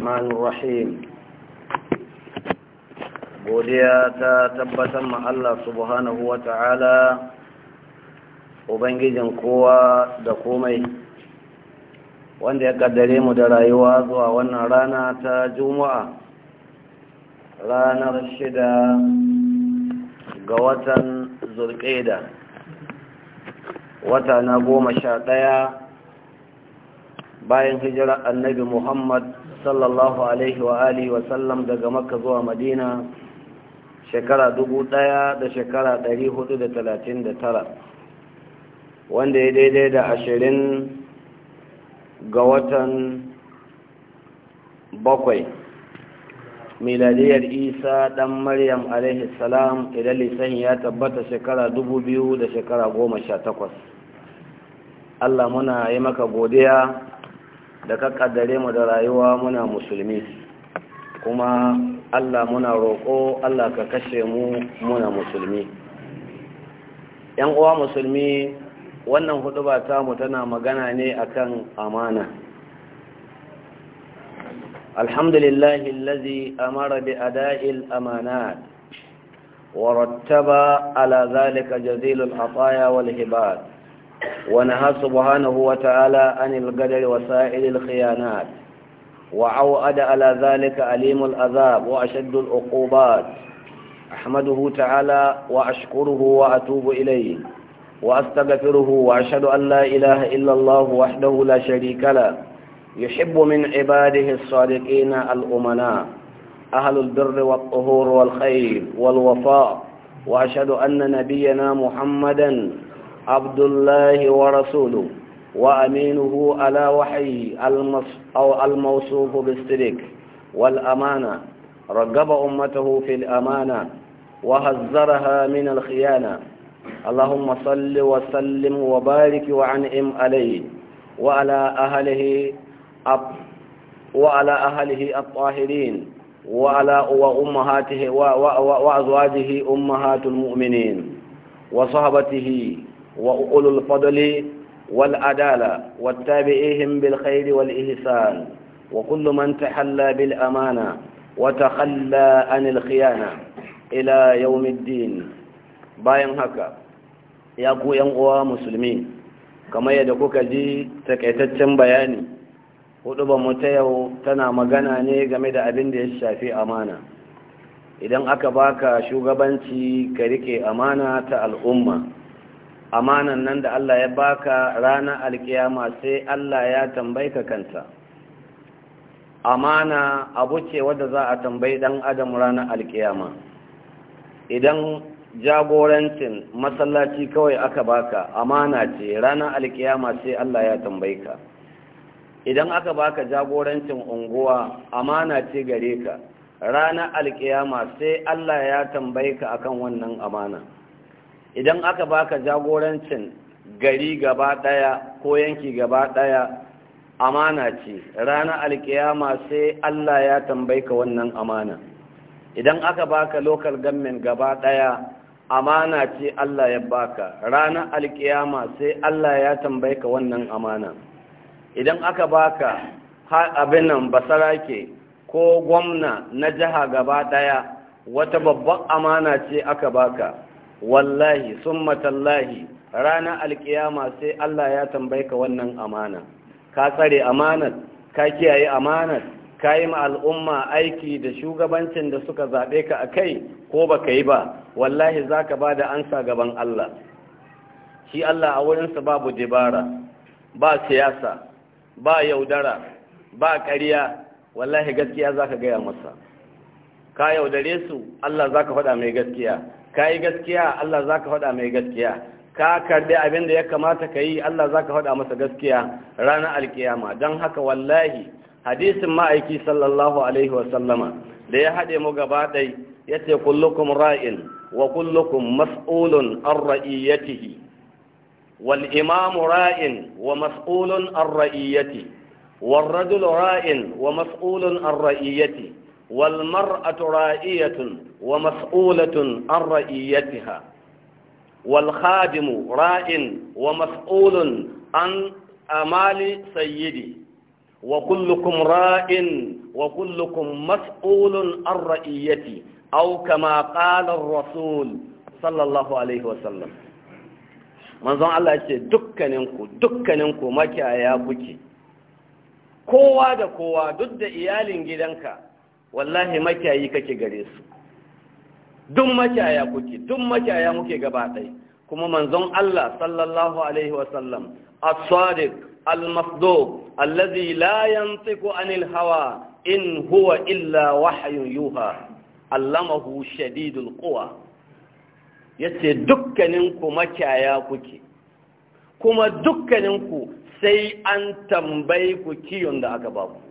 الرحمن الرحيم godiya ta tabbatar ma Allah subhanahu wa ta'ala ubangijin kowa da komai wanda ya kaddare mu da rayuwa zuwa wannan rana ta juma'a ranar shida ga watan zulƙeda wata na goma sha ɗaya bayan hijirar annabi muhammad sallallahu alaihi wa alihi wa sallam daga makka zuwa madina shekara dubu ɗaya da shekara ɗari hudu da talatin da tara wanda ya daidai da ashirin ga watan bakwai miladiyar isa ɗan maryam alaihi salam idan lisan ya tabbata shekara dubu biyu da shekara goma sha takwas allah muna yi maka godiya da ka kaddare mu da rayuwa muna musulmi kuma Allah muna roƙo Allah ka kashe mu muna musulmi yan uwa musulmi wannan hudu ba mu tana magana ne akan amana alhamdulillah allazi amara bi ada'il amanat ala zalika ذلك جزيل wal والهبات ونهى سبحانه وتعالى عن القدر وسائر الخيانات وعوأد على ذلك أليم الأذاب وأشد العقوبات أحمده تعالى وأشكره وأتوب إليه وأستغفره وأشهد أن لا إله إلا الله وحده لا شريك له يحب من عباده الصادقين الأمناء أهل البر والطهور والخير والوفاء وأشهد أن نبينا محمدا عبد الله ورسوله وأمينه على وحيه المص أو الموصوف بالسلك والأمانة رقب أمته في الأمانة وهزرها من الخيانة اللهم صل وسلم وبارك وعنئم عليه وعلى أهله أب وعلى أهله الطاهرين وعلى وأمهاته وأزواجه أمهات المؤمنين وصحبته وأولو الفضل والعدالة والتابعيهم بالخير والإحسان وكل من تحلى بالأمانة وتخلى عن الخيانة إلى يوم الدين bayan haka ya ku yan uwa musulmi kamar yadda kuka ji takaitaccen bayani hudubar mu ta yau tana magana ne game da abin da ya shafi amana idan aka baka shugabanci ka riƙe amana ta al'umma amanan nan da Allah ya baka rana alkiyama sai Allah ya tambaika kansa amana abu ce wadda za a tambayi dan adam ranar alkiyama idan jagorancin masallaci kawai aka baka amana ce ranar alkiyama sai Allah ya tambaika idan aka baka jagorancin unguwa amana ce gare ka ranar alkiyama sai Allah ya tambaika akan wannan amana idan aka baka jagorancin gari gaba daya ko yanki gaba daya amana ce ranar alkiyama sai Allah ya tambayi ka wannan amana idan aka baka local government gaba daya amana ce Allah ya baka ranar alkiyama sai Allah ya tambaye ka wannan amana idan aka baka abin nan basarake ko gwamna na jiha gaba daya wata babban amana ce aka baka wallahi sun matallahi ranar alkiyama sai Allah ya tambayi ka wannan amana ka tsare amanar ka kiyaye amanar ka yi al'umma aiki da shugabancin da suka zaɓe ka a kai ko ba ka yi ba wallahi za ka ba da ansa gaban Allah shi Allah a wurinsa babu dibara ba siyasa ba yaudara ba ƙarya wallahi gaskiya za ka gaya masa ka yaudare su Allah za ka faɗa mai gaskiya ka yi gaskiya Allah za ka faɗa mai gaskiya ka karɓi abin da ya kamata ka yi Allah za ka faɗa masa gaskiya ranar alkiyama don haka wallahi hadisin ma'aiki sallallahu alaihi wasallama da ya haɗe mu gaba ɗai ya ce kullukum ra'in wa kullukum mas'ulun an ra'iyatihi wal imamu ra'in wa mas'ulun an ra'iyati wal rajul ra'in wa mas'ulun an ra'iyati والمرأة رائية ومسؤولة عن رئيتها والخادم راء ومسؤول عن أمال سيدي وكلكم راء وكلكم مسؤول عن رئيتي أو كما قال الرسول صلى الله عليه وسلم manzon Allah ya ce dukkaninku dukkaninku makiyaya kuke kowa da kowa duk da iyalin gidanka wallahi makiyayi kake gare su duk makiyaya kuke duk makiyaya muke gaba kuma manzon Allah sallallahu alaihi wasallam as-sadiq al-masduq allazi la yantiqu anil hawa in huwa illa wahyun yuha allamahu shadidul quwa yace dukkanin ku makiyaya kuke kuma dukkanin ku sai an tambaye ku kiyon da aka baku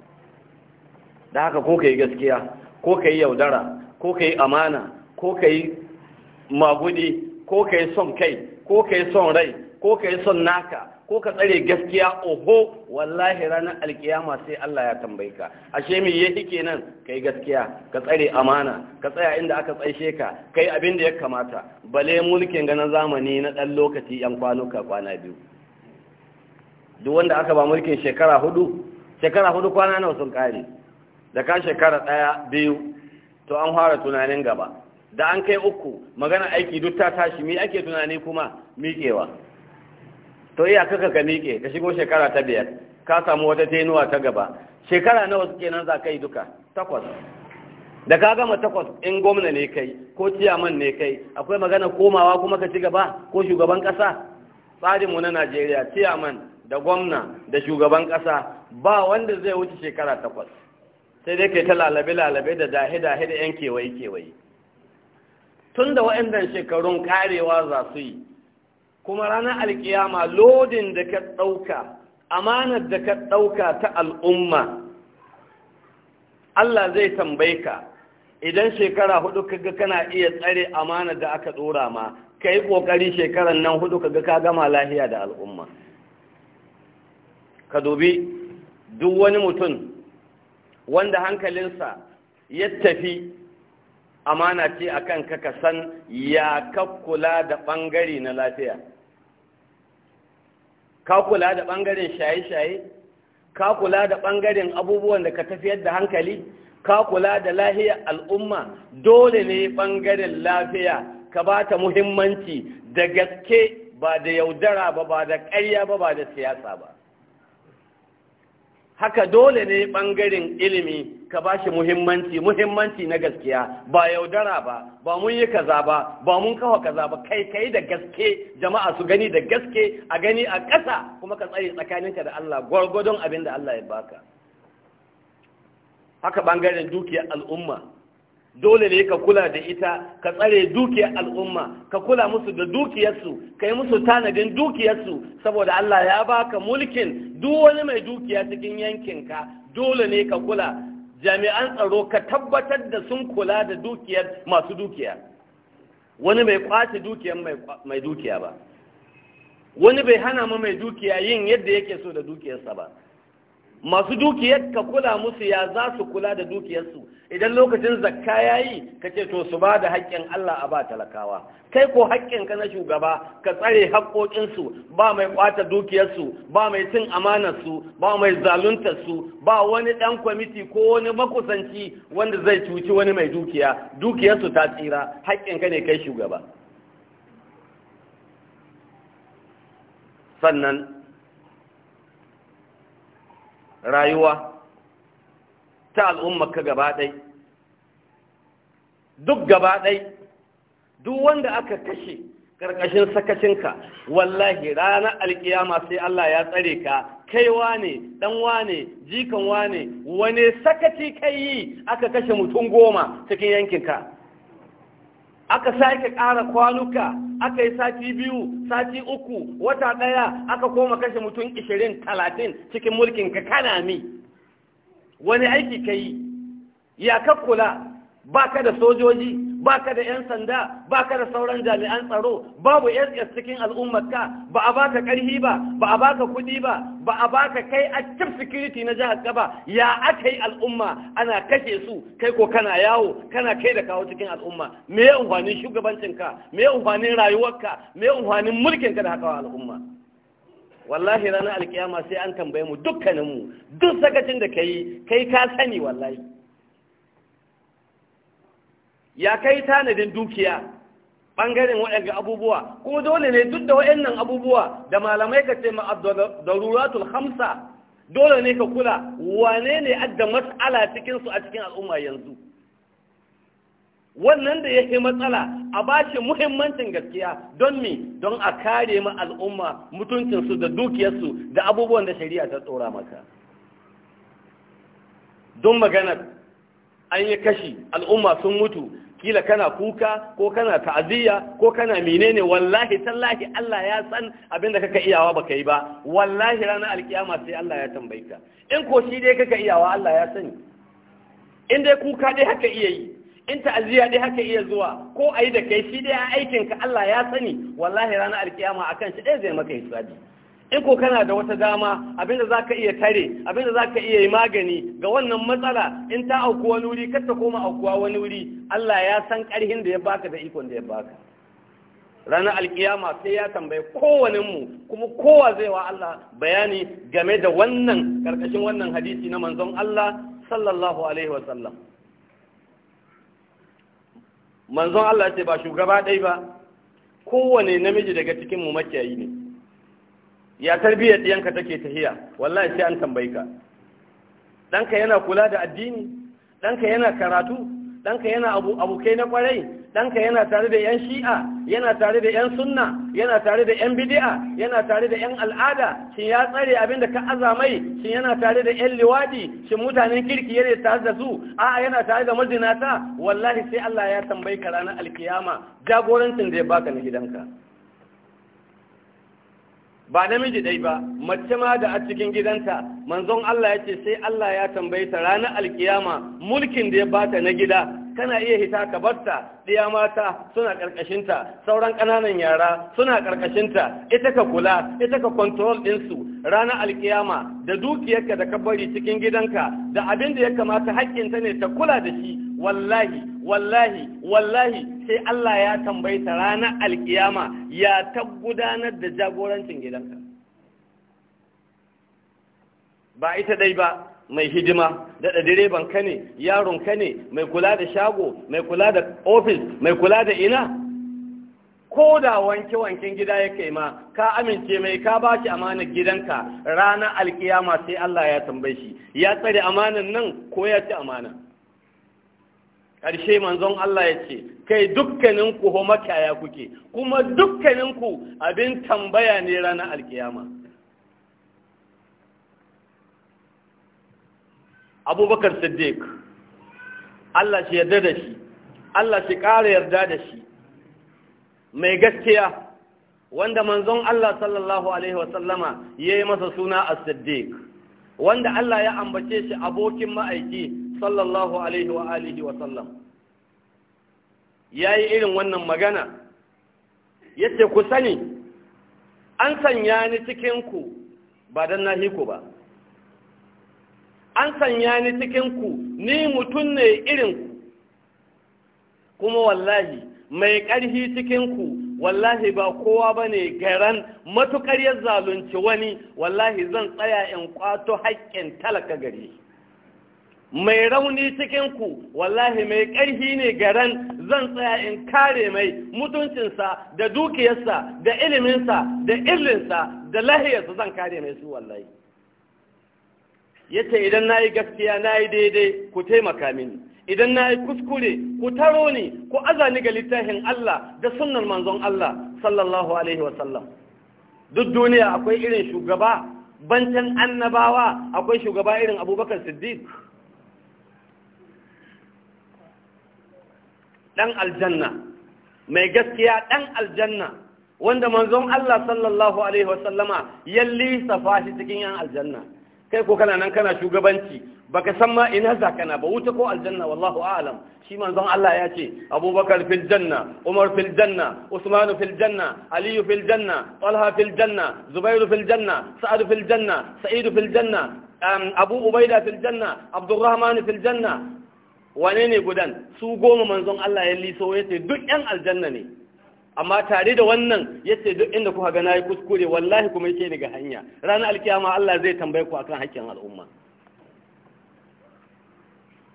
da haka ko ka yi gaskiya ko ka yi yaudara ko ka yi amana ko ka yi magudi ko ka yi son kai ko ka yi son rai ko ka yi son naka ko ka tsare gaskiya oho wallahi ranar alkiyama sai Allah ya tambaye ka ashe me yake kenan kai gaskiya ka tsare amana ka tsaya inda aka tsaishe ka kai abin da ya kamata bale mulkin ganin zamani na dan lokaci yan kwanuka kwana biyu duk wanda aka ba mulkin shekara hudu shekara hudu kwana nawa sun kare da ka shekara ɗaya biyu to an fara tunanin gaba da an kai uku magana aiki duk ta tashi me ake tunani kuma miƙewa to iya kaka ka miƙe ka shigo shekara ta biyar ka samu wata tenuwa ta gaba shekara nawa suke nan za ka yi duka takwas da ka gama takwas in gwamna ne kai ko ciyaman ne kai akwai magana komawa kuma ka ci gaba ko shugaban ƙasa tsarinmu na najeriya ciyaman da gwamna da shugaban ƙasa ba wanda zai wuce shekara takwas sai dai kai ta lalabe-lalabe da dahe-dahe da yan kewaye-kewaye tun da waɗannan shekarun karewa za su yi kuma ranar alkiyama lodin da ka ɗauka amanar da ka ɗauka ta al'umma Allah zai tambayi ka idan shekara hudu kaga kana iya tsare amanar da aka ɗora ma ka yi ƙoƙari shekaran nan hudu kaga ka gama lahiya da al'umma ka dubi duk wani mutum wanda hankalinsa ya tafi amana ce a kan ka san ya ka kula da ɓangare na lafiya ka kula da ɓangaren shaye-shaye ka kula da ɓangaren abubuwan da ka tafiyar da hankali ka kula da lahiyar al'umma dole ne ɓangaren lafiya ka ba ta muhimmanci da gaske ba da yaudara ba ba da ƙarya ba ba da siyasa ba haka dole ne ɓangaren ilimi ka ba shi muhimmanci muhimmanci na gaskiya ba yaudara ba ba mun yi kaza ba ba mun kawo kaza ba kai kai da gaske jama'a su gani da gaske a gani a ƙasa kuma ka tsare tsakaninka da Allah gwargwadon abin da Allah ya baka haka ɓangaren dukiyar al'umma dole ne ka kula da ita ka tsare dukiyar al'umma ka kula musu da dukiyarsu ka yi musu tanadin dukiyarsu saboda Allah ya baka mulkin duk wani mai dukiya cikin yankinka dole ne ka kula jami'an tsaro ka tabbatar da sun kula da dukiyar masu dukiya wani bai kwace dukiyar mai dukiya ba wani bai hana mu mai dukiya yin yadda yake so da dukiyarsa ba masu dukiyar ka kula musu ya za su kula da dukiyarsu idan lokacin zakka ya yi ka ce to su ba da haƙƙin Allah a ba talakawa kai ko ka na shugaba ka tsare haƙƙoƙinsu ba mai ƙwata dukiyarsu ba mai cin amanarsu ba mai zaluntarsu ba wani ɗan kwamiti ko wani makusanci wanda zai cuci wani mai dukiya dukiyarsu ta tsira haƙƙin ka ne kai shugaba sannan rayuwa ta al'ummarka gaba ɗai duk gaba ɗai duk wanda aka kashe ƙarƙashin sakacinka wallahi ranar alƙiyama sai Allah ya tsare ka kaiwa ne ɗanwa ne jikanwa ne wane sakaci kai yi aka kashe mutum goma cikin yankinka aka sake ƙara kwanuka aka yi sati biyu sati uku wata ɗaya aka koma kashe mutum ishirin talatin cikin mulkin ka kana mi wani aiki ka yi ya kula? ba ka da sojoji baka da 'yan sanda baka da sauran jami'an tsaro babu ss cikin al'ummarka ba a baka karhi ba ba a baka kudi ba ba a baka kai a cikin security na jihar ka ya aka yi al'umma ana kashe su kai ko kana yawo kana kai da kawo cikin al'umma me ya umfanin shugabancinka me ya umfanin rayuwarka me ya umfanin mulkinka da haka al'umma wallahi ranar alkiyama sai an tambaye mu dukkaninmu duk sakacin da ka yi kai ka sani wallahi ya kai tanadin dukiya ɓangaren waɗanda abubuwa kuma dole ne duk da waɗannan abubuwa da malamai ka ce ma'addaruratul hamsa dole ne ka kula wane ne adda matsala cikinsu a cikin al'umma yanzu wannan da yake matsala a ba muhimmancin gaskiya don mi don a kare ma al'umma mutuncinsu da dukiyarsu da abubuwan da shari'a ta tsora maka don maganar an yi kashi al'umma sun mutu kila kana kuka ko kana ta'aziyya ko kana menene wallahi tallahi Allah ya san abin da kaka iyawa baka yi ba wallahi ranar alkiyama sai Allah ya tambayka in ko shi dai kaka iyawa Allah ya sani in dai kuka dai haka iya yi in ta'aziyya dai haka iya zuwa ko ayi da kai shi dai aikin ka Allah ya sani wallahi ranar alkiyama akan shi dai zai maka hisabi in ko kana da wata dama abinda za ka iya tare abinda za ka iya yi magani ga wannan matsala in ta auku wani wuri kar ta koma aukuwa wani wuri Allah ya san ƙarhin da ya baka da ikon da ya baka ranar alkiyama sai ya tambaye kowane mu kuma kowa zai wa Allah bayani game da wannan karkashin wannan hadisi na manzon Allah sallallahu alaihi wa manzon Allah ce ba shugaba ɗai ba kowane namiji daga cikin mu makiyayi ne ya tarbiyyar ɗiyanka take tahiya wallahi sai an tambayi ka ɗanka yana kula da addini ɗanka yana karatu ɗanka yana abokai na kwarai ɗanka yana tare da 'yan shi'a yana tare da 'yan sunna yana tare da 'yan bidi'a yana tare da 'yan al'ada shin ya tsare abinda da ka azamai shin yana tare da 'yan liwadi shin mutanen kirki yana tare da su a'a yana tare da mazinata wallahi sai Allah ya tambayi ka ranar alkiyama jagorancin da ya baka na gidanka ba namiji dai ba mace ma da a cikin gidanta manzon Allah ya ce sai Allah ya tambaye ta ranar alkiyama mulkin da ya bata na gida kana iya hita ka barta diya mata suna karkashinta sauran ƙananan yara suna ta. ita ka kula ita ka control ɗinsu ranar alkiyama da dukiyarka da ka bari cikin gidanka da abin da ya kamata haƙƙinta ne ta kula da shi wallahi wallahi wallahi sai Allah ya tambayi ta ranar alkiyama ya ta da jagorancin gidanka ba ita dai ba mai hidima daɗa direban ka ne yaron ka ne mai kula da shago mai kula da ofis mai kula da ina ko da wanke-wanken gida ya kai ma ka amince mai ka ba shi amanar gidanka ranar alkiyama sai Allah ya tambaye shi ya tsare amanan nan ko ya ci amana. ƙarshe manzon Allah ya ce kai dukkaninku ho makiyaya kuke kuma dukkaninku abin tambaya ne ranar alkiyama abubakar siddiq Allah shi yarda da shi Allah shi ƙara yarda da shi mai gaskiya wanda manzon Allah sallallahu alaihi wasallama ya yi masa suna a siddiq wanda Allah ya ambace shi abokin ma'aiki sallallahu alaihi wa alihi wa sallam ya yi irin wannan magana yace ku sani an sanya ni cikinku ba dan na ku ba an sanya ni cikinku ni mutum ne irin ku kuma wallahi mai cikin cikinku wallahi ba kowa ba ne garan matuƙar ya zalunci wani wallahi zan tsaya in ƙwato haƙƙin talaka gare shi mai rauni cikinku wallahi mai ƙarfi ne garan zan tsaya in kare mai mutuncinsa da dukiyarsa da iliminsa da illinsa da lahiyarsa zan kare mai su wallahi yace idan na yi gaskiya na yi daidai ku taimaka mini idan na yi kuskure ku taro ni ku azani ga littafin Allah da sunnar manzon Allah sallallahu alaihi wasallam duk duniya akwai irin shugaba bantan annabawa akwai shugaba irin abubakar siddiq ɗan aljanna mai gaskiya ɗan aljanna wanda manzon Allah sallallahu alaihi wasallama ya lisa shi cikin yan aljanna kai ko kana nan kana shugabanci baka san ma ina za kana ba wuta ko aljanna wallahu a'lam shi manzon Allah ya ce Abubakar fil janna Umar fil janna Usman fil janna Ali fil janna Talha fil janna Zubair fil janna fil janna fil janna Abu Ubaida fil janna Abdurrahman fil janna wane ne gudan su goma manzon Allah ya liso ya ce duk yan aljanna ne amma tare da wannan ya ce duk inda kuka gana ya kuskure wallahi kuma yake daga hanya ranar alkiyama Allah zai tambaye ku akan haƙƙin al'umma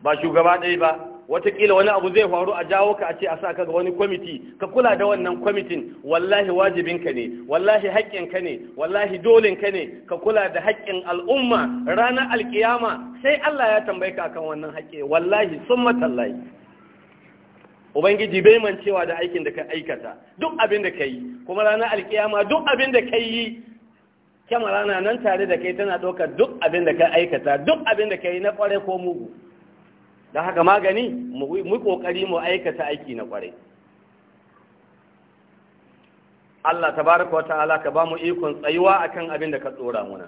ba shugaba ɗaya ba watakila wani abu zai faru a jawo ka a ce a sa ka ga wani kwamiti ka kula da wannan kwamitin wallahi wajibinka ne wallahi haƙƙinka ne wallahi dolin ka ne ka kula da haƙƙin al'umma ranar alkiyama sai Allah ya tambaye ka kan wannan haƙƙi wallahi sun matallahi ubangiji bai man da aikin da ka aikata duk abin da ka yi kuma ranar alkiyama duk abin da ka yi kyamara na nan tare da kai tana ɗaukar duk abin da ka aikata duk abin da ka yi na ƙware ko mugu Da haka magani mu kokari mu aikata aiki na kwarai Allah tabaraka wata'ala ka ba mu ikon tsayuwa akan abin da ka tsora muna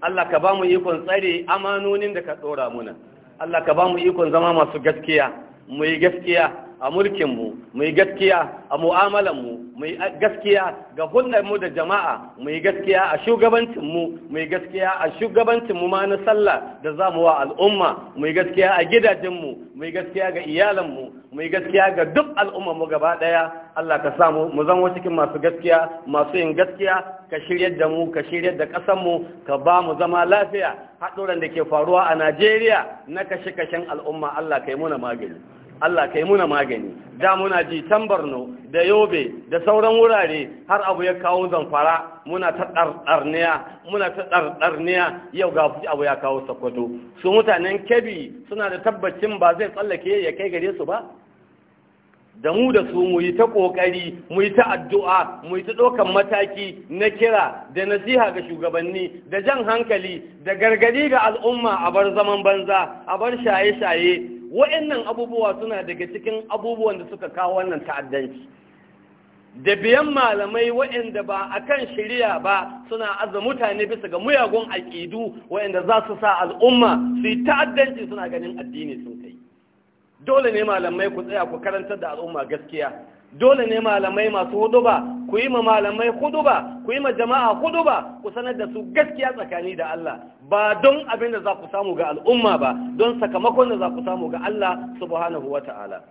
Allah ka ba mu ikon tsare amanonin da ka tsora muna Allah ka ba mu ikon zama masu gaskiya mu yi gaskiya a mulkinmu mai yi gaskiya a mu'amalanmu mu yi gaskiya ga hulɗarmu da jama'a mai yi gaskiya a shugabancinmu mu yi gaskiya a shugabancinmu ma na sallah da za mu wa al'umma mu yi gaskiya a gidajenmu mu yi gaskiya ga iyalanmu mu yi gaskiya ga duk al'ummarmu gaba ɗaya Allah ka samu mu zama cikin masu gaskiya masu yin gaskiya ka shirya da mu ka shirya da ƙasarmu ka ba mu zama lafiya haɗuran da ke faruwa a Najeriya na kashe-kashen al'umma Allah ka yi muna magani. Allah kai muna magani da muna ji tambarno da yobe da sauran wurare har abu ya kawo zamfara muna ta ɗarɗarniya muna ta ɗarɗarniya yau ga abu ya kawo sakwato su mutanen kebi suna da tabbacin ba zai tsallake ya kai gare su ba da mu da su mu yi ta ƙoƙari mu yi ta addu'a mu yi ta ɗaukan mataki na kira da nasiha ga shugabanni da jan hankali da gargadi ga al'umma a bar zaman banza a bar shaye-shaye wa'annan abubuwa suna daga cikin abubuwan da suka kawo wannan ta'addanci da biyan malamai wa'anda ba a kan shirya ba suna aza mutane bisa ga muyagun aƙidu wa'anda za su sa al'umma su yi ta'addanci suna ganin addini sun kai dole ne malamai ku tsaya ku karantar da al'umma gaskiya dole ne malamai masu ba? ku yi ma malamai ba? ku yi ma jama'a ba? ku sanar da su gaskiya tsakani da Allah ba don abin da za ku samu ga al'umma ba don sakamakon da za ku samu ga Allah subhanahu ta'ala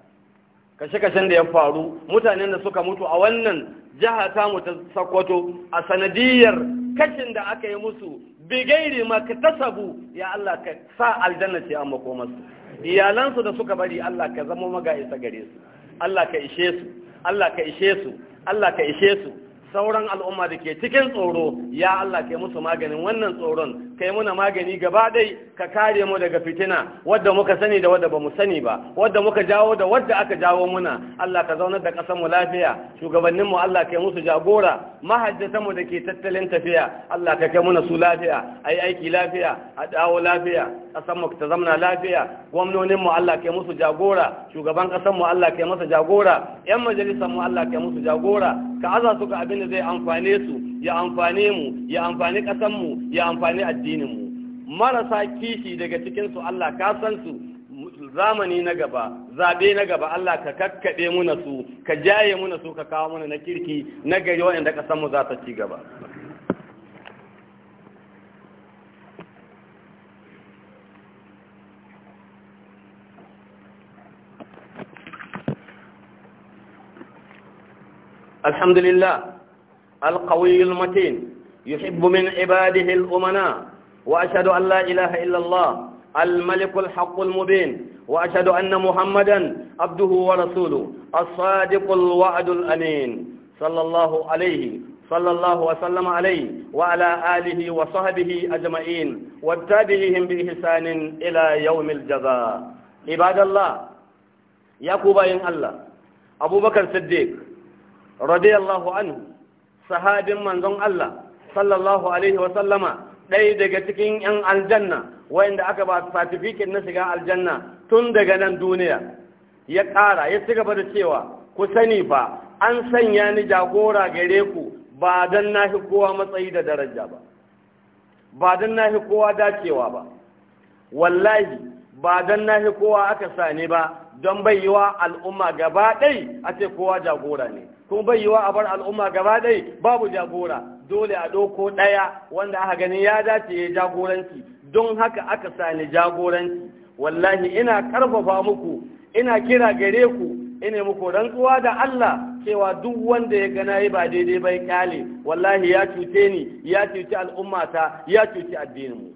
kashe-kashen da ya faru mutanen da suka mutu a wannan jiha ta mu ta sakwato a sanadiyar kashin da aka yi musu bigairi ma ka tasabu ya Allah ka sa aljanna ce a makomarsu iyalansu da suka bari Allah ka zama maga isa gare su Allah ka ishe su Allah ka ishe su Allah ka ishe su sauran al'umma da ke cikin tsoro ya Allah kai musu maganin wannan tsoron kai muna magani gaba dai ka kare mu daga fitina wadda muka sani da wadda ba mu sani ba wadda muka jawo da wadda aka jawo muna Allah ka zaunar da ƙasar mu lafiya shugabanninmu mu Allah kai musu jagora mahajjata mu da ke tattalin tafiya Allah ka kai muna su lafiya a yi aiki lafiya a dawo lafiya ƙasar mu ta zamna lafiya gwamnonin mu Allah ke musu jagora shugaban ƙasar mu Allah ke masa jagora yan majalisar mu Allah ke musu jagora ka aza su abin da zai amfane su ya amfane mu ya amfani ƙasar mu ya amfani addinin mu marasa kishi daga cikin su Allah ka san su zamani na gaba zaɓe na gaba Allah ka kakkaɓe muna su ka jaye muna su ka kawo mana na kirki na gari waɗanda ƙasar mu za ta ci gaba الحمد لله القوي المتين يحب من عباده الأمناء وأشهد أن لا إله إلا الله الملك الحق المبين وأشهد أن محمدا عبده ورسوله الصادق الوعد الأمين صلى الله عليه صلى الله وسلم عليه وعلى آله وصحبه أجمعين واتابعهم بإحسان إلى يوم الجزاء عباد الله يا كوباين الله أبو بكر الصديق radiyallahu anhu sahabin manzon Allah sallallahu alaihi wa sallama ɗaya daga cikin 'yan aljanna wayanda aka ba certificate na shiga aljanna tun daga nan duniya ya ƙara ya ci gaba da cewa ku sani ba an sanya ni jagora gare ku ba dan nahi kowa matsayi da daraja ba ba dan nahi kowa dacewa ba wallahi ba dan nahi kowa aka sani ba don bayyawa al'umma gaba ɗai a ce kowa jagora ne kuma bai yiwa a bar al'umma gaba ɗai babu jagora dole a ɗauko ɗaya wanda aka gani ya dace ya jagoranci don haka aka sani jagoranci wallahi ina karfafa muku ina kira gare ku ina muku rantsuwa da Allah cewa duk wanda ya gana yi ba daidai bai kyale wallahi ya cuce ni ya cuci al'ummata ya cuci mu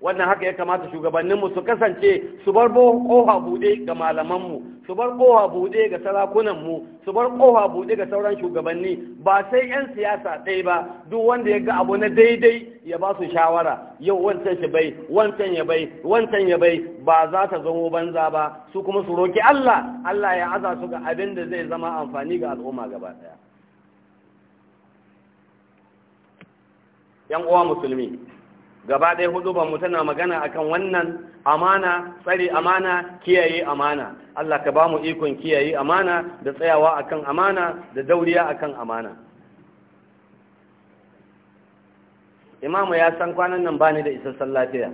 wannan haka ya kamata shugabanninmu su kasance su bar kofa buɗe ga malamanmu su bar kowa bude ga sarakunan mu su bar kowa bude ga sauran shugabanni ba sai 'yan siyasa ɗaya ba duk wanda ya ga abu na daidai ya ba su shawara yau wancan shi bai wancan ya bai wancan ya bai ba za ta zamo banza ba su kuma su roki Allah Allah ya aza su ga abin da zai zama amfani ga al'umma gaba ɗaya yan uwa musulmi gaba ɗaya hudu ba mu tana magana akan wannan amana tsari amana kiyaye amana Allah ka ba mu ikon kiyaye amana da tsayawa akan amana da dauriya akan amana imamu ya san kwanan nan bani da isassan lafiya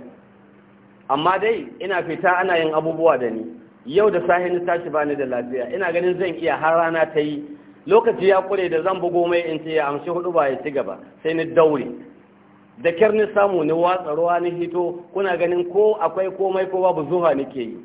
amma dai ina fita ana yin abubuwa da ni yau da sahin tashi bani da lafiya ina ganin zan iya har rana ta yi lokaci ya kure da zan bugo mai in ce ya amshi hudu ba ya ci gaba sai ni daure da kyar ni samu ni watsa ruwa ni hito kuna ganin ko akwai komai ko babu zuha nake yi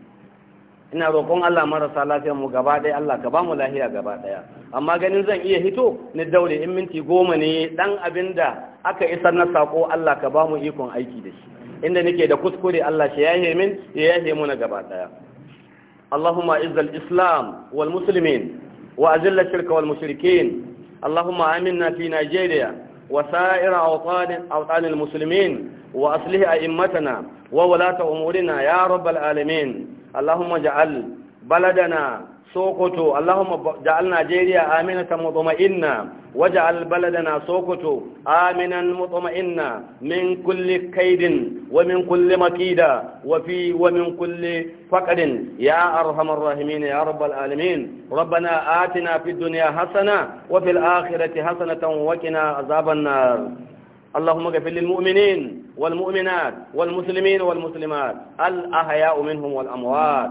ina roƙon Allah marasa lafiya mu gaba ɗaya Allah ka ba mu lafiya gaba ɗaya amma ganin zan iya hito ni daure in minti goma ne dan abin da aka isar na sako Allah ka ba mu ikon aiki da shi inda nake da kuskure Allah shi yahe min ya yahe mu na gaba ɗaya اللهم اعز islam wal واذل الشرك والمشركين اللهم امننا mushrikin نيجيريا Najeriya وسائر أوطان, أوطان المسلمين وأصله أئمتنا وولاة أمورنا يا رب العالمين اللهم اجعل بلدنا سوكتو اللهم جعلنا جيريا آمنة مطمئنة وجعل بلدنا سوكتو آمنا مطمئنا من كل كيد ومن كل مكيدة وفي ومن كل فقد يا أرحم الراحمين يا رب العالمين ربنا آتنا في الدنيا حسنة وفي الآخرة حسنة وقنا عذاب النار اللهم اغفر للمؤمنين والمؤمنات والمسلمين والمسلمات الأحياء منهم والأموات